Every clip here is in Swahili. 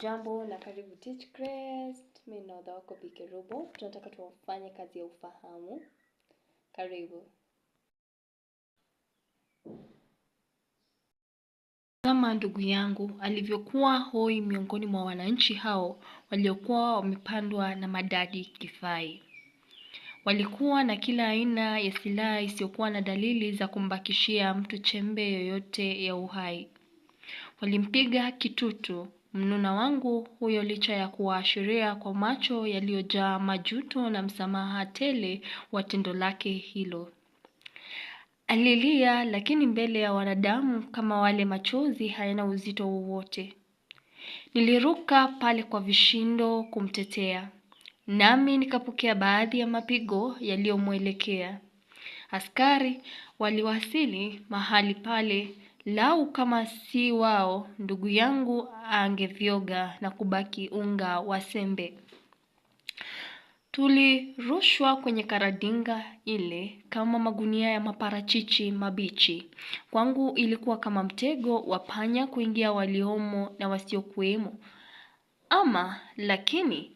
Jambo na karibu Teachkrest, mimi ni nahodha wako Bike Tunataka tufanye kazi ya ufahamu. Karibu. Kama ndugu yangu alivyokuwa hoi miongoni mwa wananchi hao waliokuwa wamepandwa na madadi kifai. Walikuwa na kila aina ya silaha isiyokuwa na dalili za kumbakishia mtu chembe yoyote ya uhai. Walimpiga kitutu Mnuna wangu huyo licha ya kuwaashiria kwa macho yaliyojaa majuto na msamaha tele wa tendo lake hilo. Alilia lakini mbele ya wanadamu kama wale machozi hayana uzito wowote. Niliruka pale kwa vishindo kumtetea. Nami nikapokea baadhi ya mapigo yaliyomwelekea. Askari waliwasili mahali pale Lau kama si wao, ndugu yangu angevyoga na kubaki unga wa sembe. Tulirushwa kwenye karadinga ile kama magunia ya maparachichi mabichi. Kwangu ilikuwa kama mtego wa panya kuingia waliomo na wasiokuwemo. Ama lakini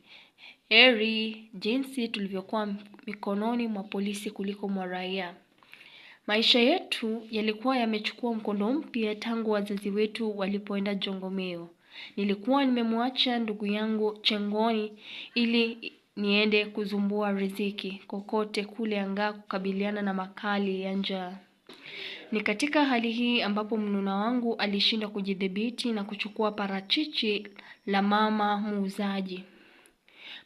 heri jinsi tulivyokuwa mikononi mwa polisi kuliko mwa raia. Maisha yetu yalikuwa yamechukua mkondo mpya tangu wazazi wetu walipoenda Jongomeo. Nilikuwa nimemwacha ndugu yangu Chengoni ili niende kuzumbua riziki kokote kule angaa kukabiliana na makali ya njaa. Ni katika hali hii ambapo mnuna wangu alishindwa kujidhibiti na kuchukua parachichi la mama muuzaji.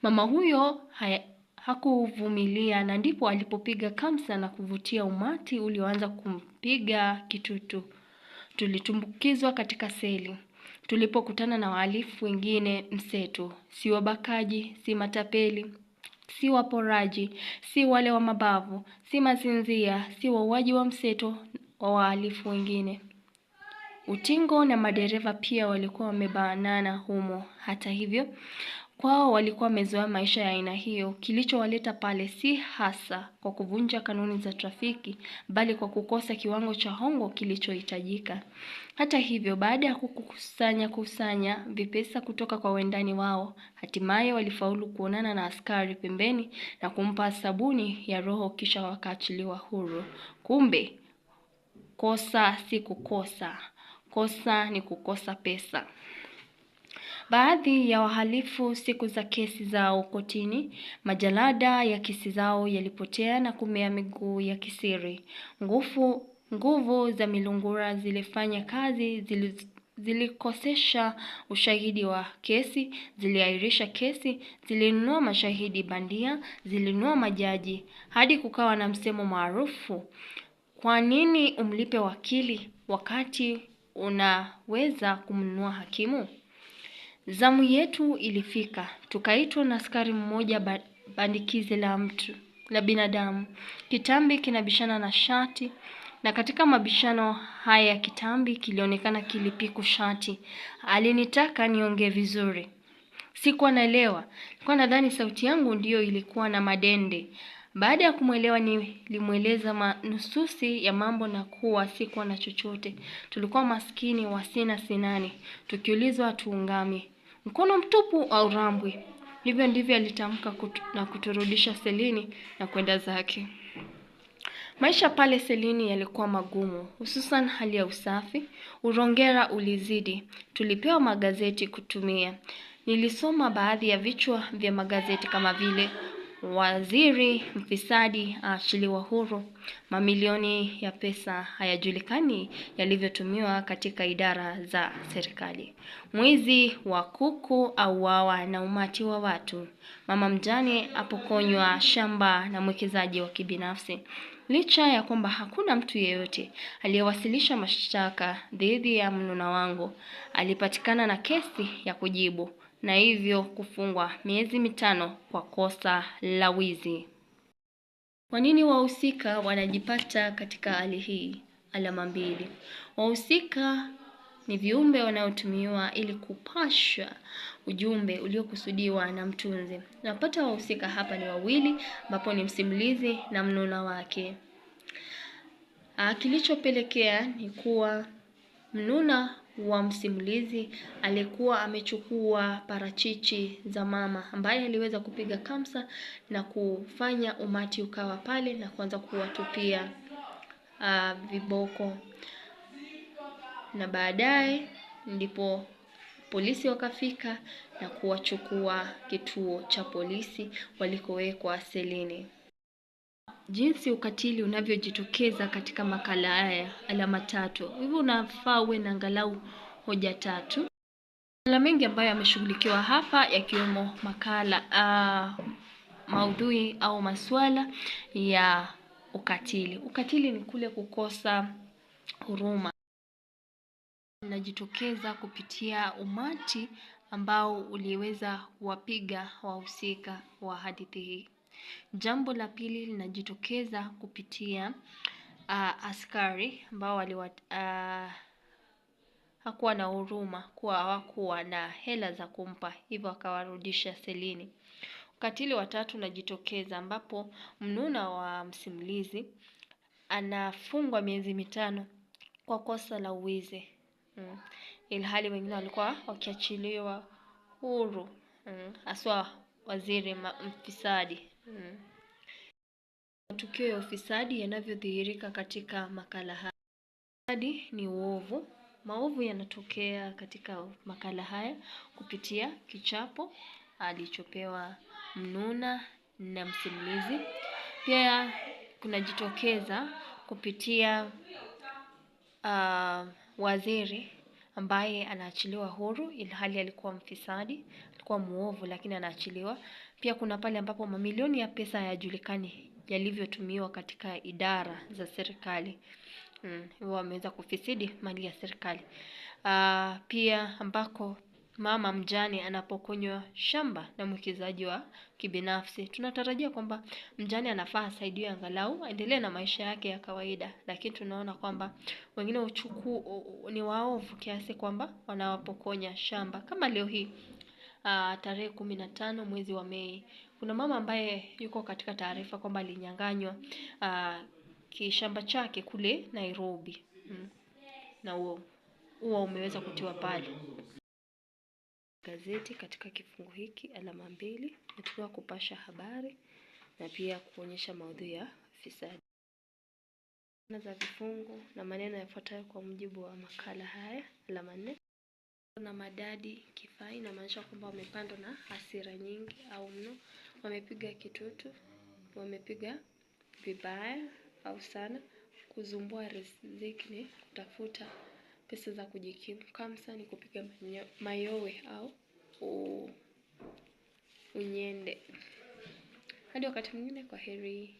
Mama huyo haya, hakuvumilia na ndipo alipopiga kamsa na kuvutia umati ulioanza kumpiga kitutu. Tulitumbukizwa katika seli tulipokutana na wahalifu wengine mseto, si wabakaji, si matapeli, si waporaji, si wale wa mabavu, si mazinzia, si wauaji wa mseto wa wahalifu wengine. Utingo na madereva pia walikuwa wamebanana humo. Hata hivyo, kwao walikuwa wamezoea maisha ya aina hiyo. Kilichowaleta pale si hasa kwa kuvunja kanuni za trafiki, bali kwa kukosa kiwango cha hongo kilichohitajika. Hata hivyo, baada ya kukusanya kusanya vipesa kutoka kwa wendani wao, hatimaye walifaulu kuonana na askari pembeni na kumpa sabuni ya roho, kisha wakaachiliwa huru. Kumbe kosa si kukosa Kosa ni kukosa pesa. Baadhi ya wahalifu siku za kesi zao kotini, majalada ya kesi zao yalipotea na kumea miguu ya kisiri. Nguvu nguvu za milungura zilifanya kazi zili zilikosesha ushahidi wa kesi, ziliahirisha kesi, zilinunua mashahidi bandia, zilinunua majaji, hadi kukawa na msemo maarufu, kwa nini umlipe wakili wakati unaweza kumnunua hakimu? Zamu yetu ilifika, tukaitwa na askari mmoja bandikizi la mtu la binadamu. Kitambi kinabishana na shati, na katika mabishano haya ya kitambi kilionekana kilipiku shati. Alinitaka niongee vizuri, sikuwa naelewa, nilikuwa nadhani sauti yangu ndiyo ilikuwa na madende. Baada ya kumwelewa, nilimweleza manususi ya mambo na kuwa sikuwa na chochote, tulikuwa maskini wasina sinani, tukiulizwa tuungame, mkono mtupu urambwi Hivyo ndivyo alitamka kutu, na kuturudisha selini na kwenda zake. Maisha pale selini yalikuwa magumu, hususan hali ya usafi. Urongera ulizidi, tulipewa magazeti kutumia. Nilisoma baadhi ya vichwa vya magazeti kama vile Waziri mfisadi aachiliwa huru. Mamilioni ya pesa hayajulikani yalivyotumiwa katika idara za serikali. Mwizi wa kuku auawa na umati wa watu. Mama mjane apokonywa shamba na mwekezaji wa kibinafsi. Licha ya kwamba hakuna mtu yeyote aliyewasilisha mashtaka dhidi ya mnuna wangu, alipatikana na kesi ya kujibu na hivyo kufungwa miezi mitano kwa kosa la wizi. Kwa nini wahusika wanajipata katika hali hii? Alama mbili. Wahusika ni viumbe wanaotumiwa ili kupasha ujumbe uliokusudiwa na mtunzi. napata wahusika hapa ni wawili, ambapo ni msimulizi na mnuna wake. Ah, kilichopelekea ni kuwa mnuna wa msimulizi alikuwa amechukua parachichi za mama ambaye aliweza kupiga kamsa na kufanya umati ukawa pale na kuanza kuwatupia uh, viboko na baadaye ndipo polisi wakafika na kuwachukua kituo cha polisi walikowekwa selini jinsi ukatili unavyojitokeza katika makala haya alama tatu. Hivyo unafaa uwe na angalau hoja tatu. Makala mengi ambayo yameshughulikiwa hapa yakiwemo makala uh, maudhui au masuala ya ukatili. Ukatili ni kule kukosa huruma, linajitokeza kupitia umati ambao uliweza kuwapiga wahusika wa hadithi hii. Jambo la pili linajitokeza kupitia uh, askari ambao waliwa uh, hakuwa na huruma kuwa hawakuwa na hela za kumpa, hivyo akawarudisha selini. Ukatili wa tatu unajitokeza ambapo mnuna wa msimulizi anafungwa miezi mitano kwa kosa la uwizi mm. Ilhali wengine walikuwa wakiachiliwa huru mm. haswa mm. Waziri mfisadi Hmm. Matukio ya ufisadi yanavyodhihirika katika makala haya. Ufisadi ni uovu. Maovu yanatokea katika makala haya kupitia kichapo alichopewa mnuna na msimulizi. Pia kunajitokeza kupitia uh, waziri ambaye anaachiliwa huru ilhali alikuwa mfisadi kuwa muovu lakini anaachiliwa. Pia kuna pale ambapo mamilioni ya pesa hayajulikani yalivyotumiwa katika idara za serikali. Mm, wameweza kufisidi mali ya serikali. Uh, pia ambako mama mjane anapokonywa shamba na mwekezaji wa kibinafsi. Tunatarajia kwamba mjane anafaa asaidiwe angalau aendelee na maisha yake ya kawaida, lakini tunaona kwamba wengine uchuku ni waovu kiasi kwamba wanawapokonya shamba. Kama leo hii uh, tarehe kumi na tano mwezi wa Mei. Kuna mama ambaye yuko katika taarifa kwamba alinyang'anywa uh, kishamba chake kule Nairobi mm. na huo huo umeweza kutiwa pale gazeti katika kifungu hiki alama mbili natukiwa kupasha habari na pia kuonyesha maudhui ya fisadi za vifungu na maneno yafuatayo kwa mujibu wa makala haya alama nne na madadi kifai inamaanisha kwamba wamepandwa na hasira nyingi au mno, wamepiga kitutu, wamepiga vibaya au sana. Kuzumbua riziki ni kutafuta pesa za kujikimu. Kamsa ni kupiga mayowe au unyende. Hadi wakati mwingine, kwa heri